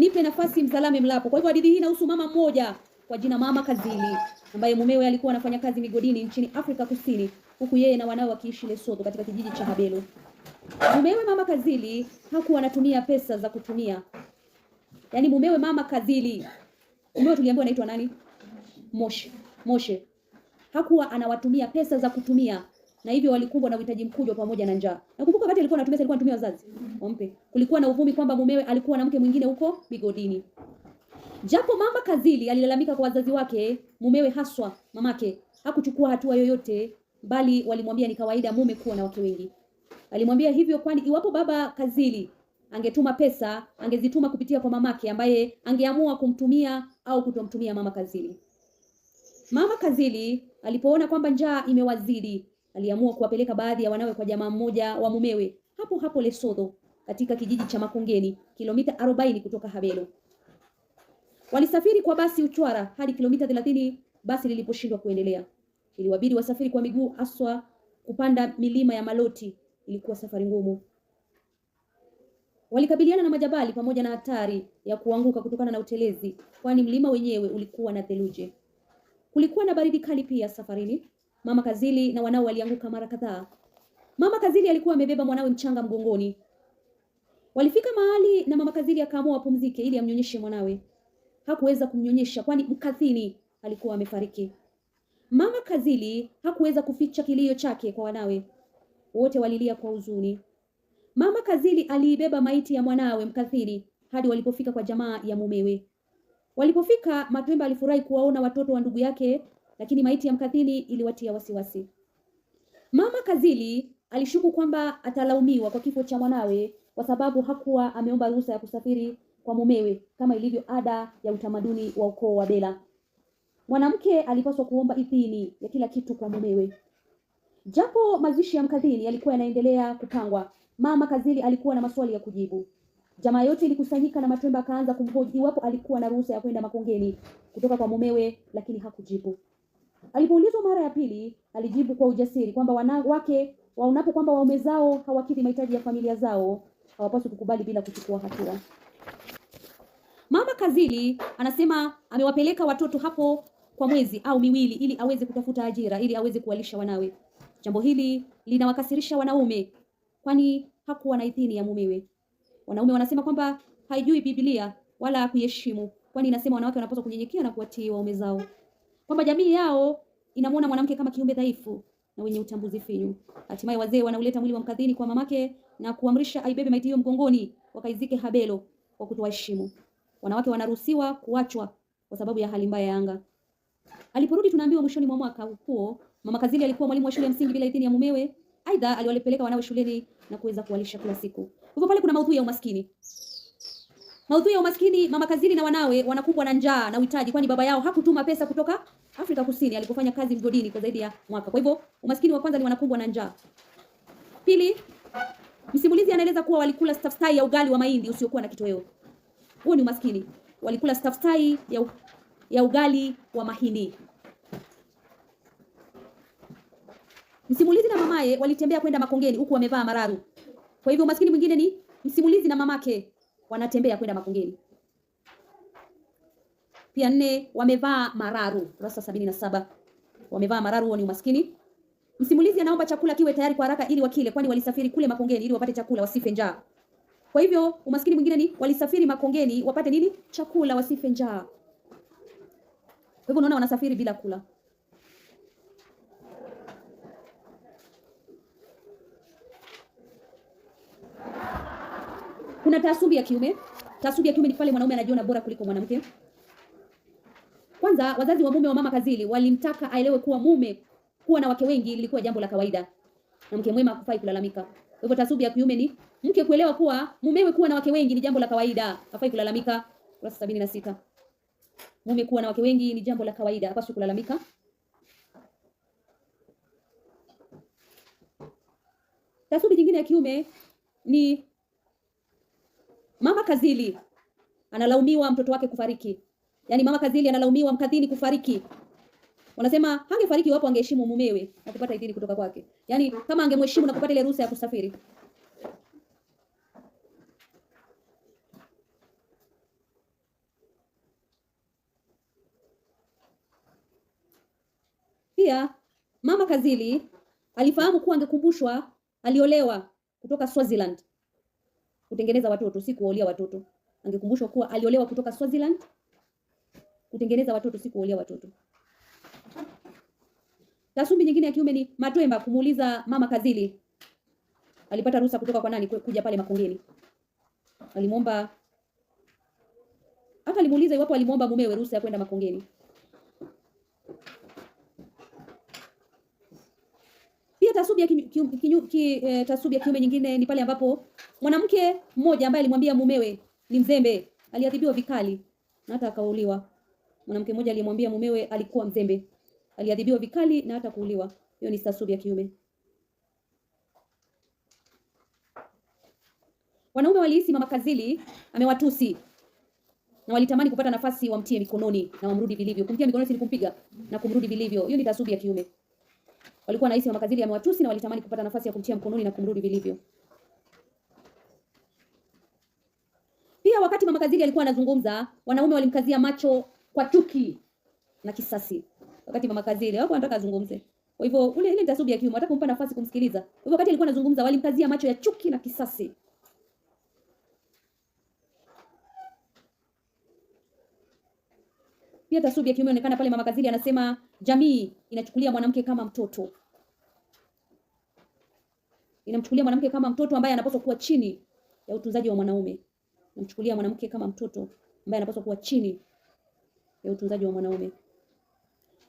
nipe nafasi msalame mlapo. Kwa hivyo hadithi hii inahusu mama mmoja kwa jina Mama Kazili ambaye mumewe alikuwa anafanya kazi migodini nchini Afrika Kusini huku yeye na wanao wakiishi Lesotho katika kijiji cha Habelo. Mumewe Mama Kazili hakuwa anatumia pesa za kutumia. Yaani mumewe Mama Kazili, mumewe tuliambiwa anaitwa nani? Moshe. Moshe hakuwa anawatumia pesa za kutumia na hivyo walikumbwa na uhitaji mkubwa pamoja na njaa. Nakumbuka wakati alikuwa anatumia alikuwa anatumia wazazi wampe. Kulikuwa na uvumi kwamba mumewe alikuwa na mke mwingine huko bigodini. Japo mama Kazili alilalamika kwa wazazi wake, mumewe haswa mamake hakuchukua hatua yoyote, bali walimwambia ni kawaida mume kuwa na wake wengi. Alimwambia hivyo kwani iwapo baba Kazili angetuma pesa angezituma kupitia kwa mamake ambaye angeamua kumtumia au kutomtumia mama Kazili. Mama Kazili alipoona kwamba njaa imewazidi aliamua kuwapeleka baadhi ya wanawe kwa jamaa mmoja wa mumewe hapo hapo Lesotho, katika kijiji cha makungeni kilomita 40 kutoka Habelo. Walisafiri kwa basi Uchwara hadi kilomita 30 basi liliposhindwa kuendelea, iliwabidi wasafiri kwa miguu, aswa kupanda milima ya Maloti. Ilikuwa safari ngumu. Walikabiliana na majabali pamoja na hatari ya kuanguka kutokana na utelezi, kwani mlima wenyewe ulikuwa na theluji. Kulikuwa na baridi kali pia safarini. Mama Kazili na wanao walianguka mara kadhaa. Mama Kazili alikuwa amebeba mwanawe mchanga mgongoni. Walifika mahali na Mama Kazili akaamua apumzike ili amnyonyeshe mwanawe. Hakuweza kumnyonyesha kwani mkathini alikuwa amefariki. Mama Kazili hakuweza kuficha kilio chake kwa wanawe. Wote walilia kwa huzuni. Mama Kazili aliibeba maiti ya mwanawe mkathiri hadi walipofika kwa jamaa ya mumewe. Walipofika, Matwemba alifurahi kuwaona watoto wa ndugu yake lakini maiti ya mkadhili iliwatia wasiwasi. Mama Kazili alishuku kwamba atalaumiwa kwa kifo cha mwanawe kwa sababu hakuwa ameomba ruhusa ya kusafiri kwa mumewe kama ilivyo ada ya utamaduni wa ukoo wa Bela. Mwanamke alipaswa kuomba idhini ya kila kitu kwa mumewe. Japo mazishi ya mkadhili yalikuwa yanaendelea kupangwa, mama Kazili alikuwa na maswali ya kujibu. Jamaa yote ilikusanyika na Matwemba akaanza kumhoji iwapo alikuwa na ruhusa ya kwenda Makongeni kutoka kwa mumewe, lakini hakujibu. Alipoulizwa mara ya pili, alijibu kwa ujasiri kwamba wanawake waonapo kwamba waume zao hawakidhi mahitaji ya familia zao hawapaswi kukubali bila kuchukua hatua. Mama Kazili anasema amewapeleka watoto hapo kwa mwezi au miwili ili aweze kutafuta ajira ili aweze kuwalisha wanawe. Jambo hili linawakasirisha wanaume kwani hakuwa na idhini ya mumewe. Wanaume wanasema kwamba haijui Biblia wala kuiheshimu, kwani inasema wanawake wanapaswa kunyenyekea na kuwatii waume zao kwamba jamii yao inamwona mwanamke kama kiumbe dhaifu na wenye utambuzi finyu. Hatimaye wazee wanauleta mwili wa mkadhini kwa mamake na kuamrisha aibebe maiti hiyo mgongoni wakaizike Habelo kwa kutowaheshimu. Wanawake wanaruhusiwa kuachwa kwa sababu ya hali mbaya ya anga. Aliporudi tunaambiwa mwishoni mwa mwaka huo, mama Kazili alikuwa mwalimu wa shule ya msingi bila idhini ya mumewe. Aidha, aliwapeleka wanawe shuleni na kuweza kuwalisha kila siku. Hivyo pale kuna maudhui ya umaskini. Maudhui ya umaskini, mama kazini na wanawe wanakumbwa na njaa na uhitaji, kwani baba yao hakutuma pesa kutoka Afrika Kusini alipofanya kazi mgodini kwa zaidi ya mwaka. Kwa hivyo umaskini wa kwanza ni wanakumbwa na njaa. Pili, msimulizi anaeleza kuwa walikula staftahi ya ugali wa mahindi usiokuwa na kitoweo. Huo ni umaskini, walikula staftahi ya, u... ya ugali wa mahindi. Msimulizi na mamaye walitembea kwenda Makongeni huku wamevaa mararu. Kwa hivyo umaskini mwingine ni msimulizi na mamake wanatembea kwenda makungeni. Pia nne, wamevaa mararu, kurasa sabini na saba. Wamevaa mararu, huo ni umaskini. Msimulizi anaomba chakula kiwe tayari kwa haraka ili wakile, kwani walisafiri kule makongeni ili wapate chakula wasife njaa. Kwa hivyo umaskini mwingine ni walisafiri makongeni wapate nini? Chakula wasife njaa. Kwa hivyo unaona wanasafiri bila kula. Kuna taasubi ya kiume. Taasubi ya kiume ni pale mwanaume anajiona bora kuliko mwanamke. Kwanza, wazazi wa mume wa mama Kazili walimtaka aelewe kuwa mume kuwa na wake wengi lilikuwa jambo la kawaida na mke mwema hakufai kulalamika. Kwa hivyo taasubi ya kiume ni mke kuelewa kuwa mumewe kuwa na wake wengi ni jambo la kawaida, hafai kulalamika. Kurasa sabini na sita. Mume kuwa na wake wengi ni jambo la kawaida, hapaswi kulalamika. Taasubi nyingine ya kiume ni Mama Kazili analaumiwa mtoto wake kufariki. Yaani mama Kazili analaumiwa mkadhini kufariki. Wanasema hangefariki wapo angeheshimu mumewe na kupata idhini kutoka kwake. Yaani kama angemheshimu na kupata ile ruhusa ya kusafiri. Pia mama Kazili alifahamu kuwa angekumbushwa aliolewa kutoka Swaziland kutengeneza watoto, si kuolea watoto. Angekumbushwa kuwa aliolewa kutoka Swaziland, kutengeneza watoto, si kuolea watoto. Tasumbi nyingine ya kiume ni Matwemba kumuuliza mama Kazili alipata ruhusa kutoka kwa nani kuja pale Makongeni. Alimwomba hata alimuuliza iwapo alimwomba mumewe ruhusa ya kwenda Makongeni. Pia tasubi ya, kinyu, kinyu, ki, ki, eh, tasubi ya kiume nyingine ni pale ambapo Mwanamke mmoja ambaye alimwambia mumewe ni mzembe aliadhibiwa vikali na hata akauliwa. Mwanamke mmoja aliyemwambia mumewe alikuwa mzembe aliadhibiwa vikali na hata kuuliwa. Hiyo ni stasubi ya kiume. Wanaume walihisi mama Kazili amewatusi na walitamani kupata nafasi wamtie mikononi na wamrudi vilivyo. Kumtia mikononi si kumpiga na kumrudi vilivyo. Hiyo ni tasubi ya kiume. Walikuwa wanahisi mama Kazili amewatusi na walitamani kupata nafasi ya kumtia mkononi na kumrudi vilivyo. Hata wakati mama Kazili alikuwa anazungumza, wanaume walimkazia macho kwa chuki na kisasi. Wakati mama Kazili hapo anataka azungumze. Kwa hivyo ule ile tasubi ya kiume, anataka kumpa nafasi kumsikiliza. Kwa hivyo wakati alikuwa anazungumza, walimkazia macho ya chuki na kisasi. Pia tasubi ya kiume inaonekana pale mama Kazili anasema jamii inachukulia mwanamke kama mtoto. Inamchukulia mwanamke kama mtoto ambaye anapaswa kuwa chini ya utunzaji wa mwanaume kumchukulia mwanamke kama mtoto ambaye anapaswa kuwa chini ya utunzaji wa mwanaume.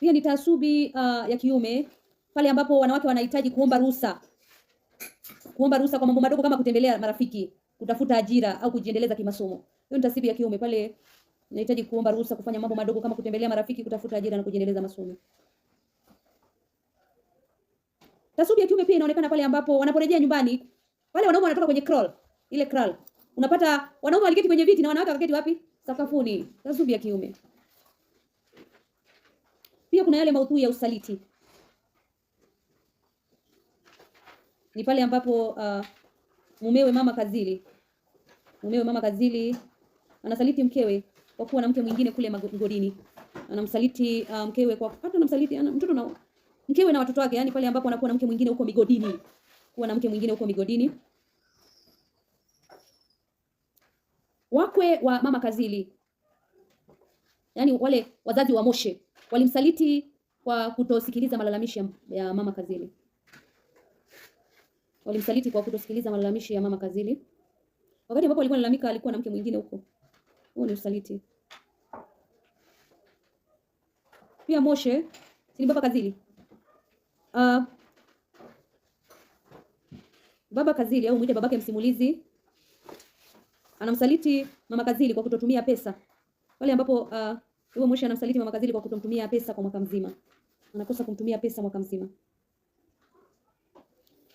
Pia ni taasubi uh, ya kiume pale ambapo wanawake wanahitaji kuomba ruhusa, kuomba ruhusa kwa mambo madogo kama kutembelea marafiki, kutafuta ajira au kujiendeleza kimasomo. Hiyo ni taasubi ya kiume pale nahitaji kuomba ruhusa kufanya mambo madogo kama kutembelea marafiki, kutafuta ajira na kujiendeleza masomo. Taasubi ya kiume pia inaonekana pale ambapo wanaporejea nyumbani, pale wanaume wanatoka kwenye crawl, ile crawl Unapata wanaume waliketi kwenye viti na wanawake wakaketi wapi? Sakafuni. Tazubi ya kiume. Pia kuna yale maudhui ya usaliti. Ni pale ambapo uh, mumewe mama kazili mumewe mama kazili anasaliti mkewe kwa kuwa na mke mwingine kule mgodini. Anamsaliti uh, mkewe kwa hata anamsaliti ana, mtoto na mkewe na watoto wake, yani pale ambapo anakuwa na mke mwingine huko migodini, kuwa na mke mwingine huko migodini. Wakwe wa mama Kazili, yaani wale wazazi wa Moshe walimsaliti kwa kutosikiliza malalamishi ya mama Kazili, walimsaliti kwa kutosikiliza malalamishi ya mama Kazili. Wakati ambapo alikuwa analalamika, alikuwa na mke mwingine huko. Huo ni usaliti pia. Moshe si baba Kazili. Uh, baba Kazili au mwite babake msimulizi anamsaliti mama Kazili kwa kutotumia pesa. Pale ambapo uh, yule Moshi anamsaliti mama Kazili kwa kutomtumia pesa kwa mwaka mzima. Anakosa kumtumia pesa mwaka mzima.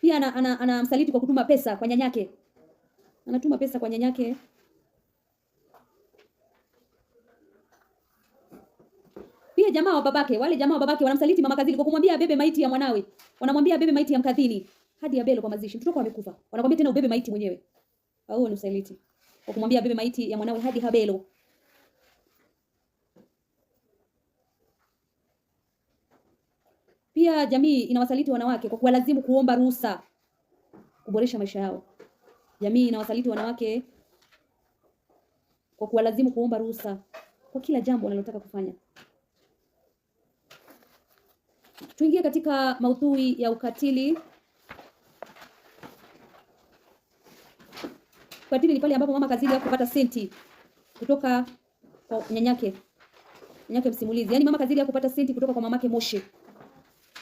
Pia anamsaliti ana, ana kwa kutuma pesa kwa nyanyake. Anatuma pesa kwa nyanyake. Pia jamaa wa babake, wale jamaa wa babake wanamsaliti mama Kazili kwa kumwambia bebe maiti ya mwanawe. Wanamwambia bebe maiti ya mkadhini hadi ya belo kwa mazishi. Mtoto wako amekufa. Wanakwambia tena ubebe maiti mwenyewe. Au ni usaliti kwa kumwambia bebe maiti ya mwanawe hadi Habelo. Pia jamii inawasaliti wanawake kwa kuwalazimu kuomba ruhusa kuboresha maisha yao. Jamii inawasaliti wanawake kwa kuwalazimu kuomba ruhusa kwa kila jambo wanalotaka kufanya. Tuingie katika maudhui ya ukatili Kwa ni pale ambapo mama kazidi kupata senti kutoka kwa nyanyake. Nyanyake msimulizi. Yaani mama kazidi kupata senti kutoka kwa mamake Moshe.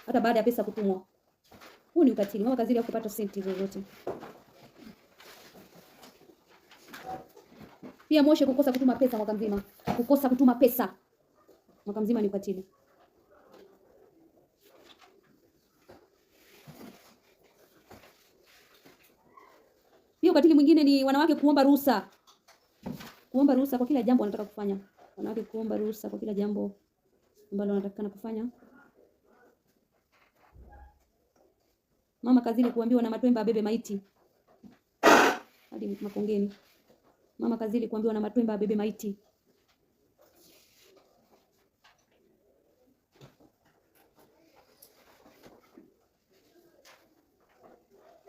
Hata baada ya pesa kutumwa. Huu ni ukatili. Mama kazidi kupata senti zozote. Pia Moshe kukosa kutuma pesa mwaka mzima. Kukosa kutuma pesa mwaka mzima ni ukatili. Pia ukatili mwingine ni wanawake kuomba ruhusa. Kuomba ruhusa kwa kila jambo wanataka kufanya. Wanawake kuomba ruhusa kwa kila jambo ambalo wanatakana kufanya. Mama kazini kuambiwa na Matwemba abebe maiti. Hadi Makongeni. Mama kazini kuambiwa na Matwemba abebe maiti.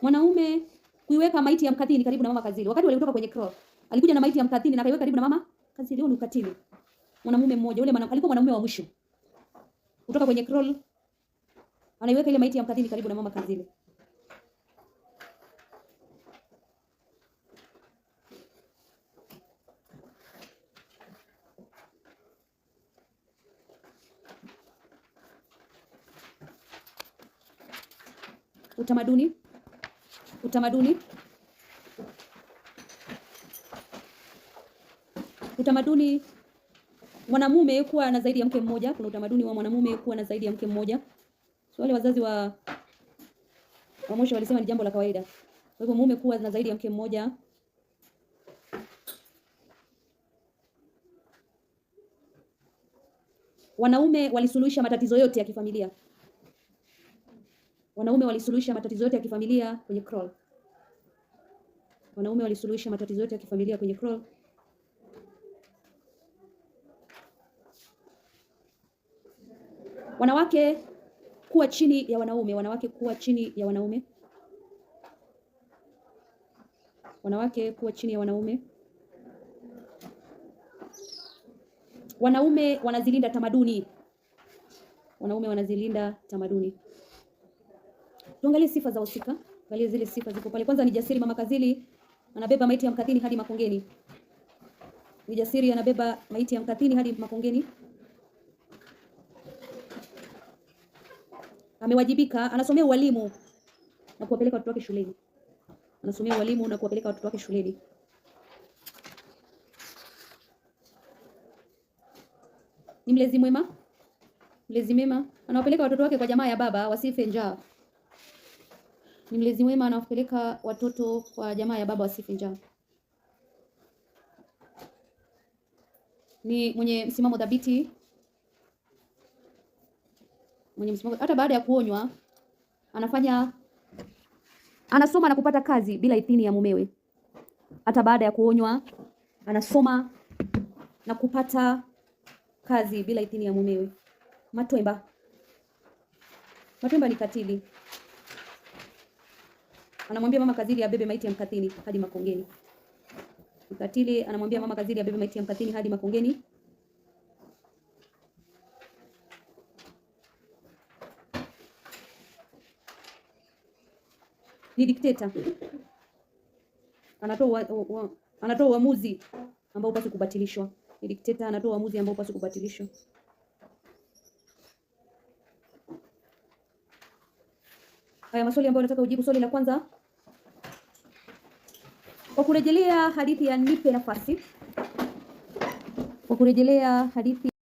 Mwanaume kuiweka maiti ya mkatini karibu na mama Kazili. Wakati walitoka kwenye cross, alikuja na maiti ya mkatini na akaiweka karibu na mama Kazili. Huo ni ukatili. Mwanamume mmoja yule mwana, alikuwa mwanamume wa mwisho kutoka kwenye crawl, anaiweka ile maiti ya mkatini karibu na mama Kazili. Utamaduni Utamaduni. Utamaduni mwanamume kuwa na zaidi ya mke mmoja. Kuna utamaduni wa mwanamume kuwa na zaidi ya mke mmoja. So, wale wazazi wa wa mwisho walisema ni jambo la kawaida. Kwa hivyo mume kuwa na zaidi ya mke mmoja wanaume walisuluhisha matatizo yote ya kifamilia. Wanaume walisuluhisha matatizo yote ya kifamilia kwenye crawl. Wanaume walisuluhisha matatizo yote ya kifamilia kwenye crawl. Wanawake kuwa chini ya wanaume, wanawake kuwa chini ya wanaume, wanawake kuwa chini ya wanaume. Wanaume wanazilinda tamaduni, wanaume wanazilinda tamaduni. Tuangalie sifa za wahusika. Angalia zile sifa ziko pale. Kwanza ni jasiri, mama Kazili anabeba maiti ya mkathini hadi Makongeni. Ni jasiri, anabeba maiti ya mkathini hadi Makongeni. Amewajibika, anasomea ualimu na kuwapeleka watoto wake shuleni. Anasomea walimu na kuwapeleka watoto wake shuleni. Ni mlezi mwema, mlezi mwema, anawapeleka watoto wake kwa jamaa ya baba wasife njaa. Ni mlezi mwema anawapeleka watoto kwa jamaa ya baba wasife njaa. Ni mwenye msimamo dhabiti, mwenye msimamo hata baada ya kuonywa anafanya, anasoma na kupata kazi bila idhini ya mumewe. Hata baada ya kuonywa anasoma na kupata kazi bila idhini ya mumewe. Matwemba, Matwemba ni katili anamwambia mama Kazili abebe maiti ya Mkathini hadi Makongeni. Mkatili anamwambia mama Kazili abebe maiti ya Mkathini hadi Makongeni. Ni dikteta anatoa anatoa uamuzi ambao upasi kubatilishwa. Ni dikteta anatoa uamuzi ambao upaswi kubatilishwa. Haya maswali ambayo nataka ujibu, swali la kwanza kwa kurejelea hadithi ya nipe nafasi, kwa kurejelea hadithi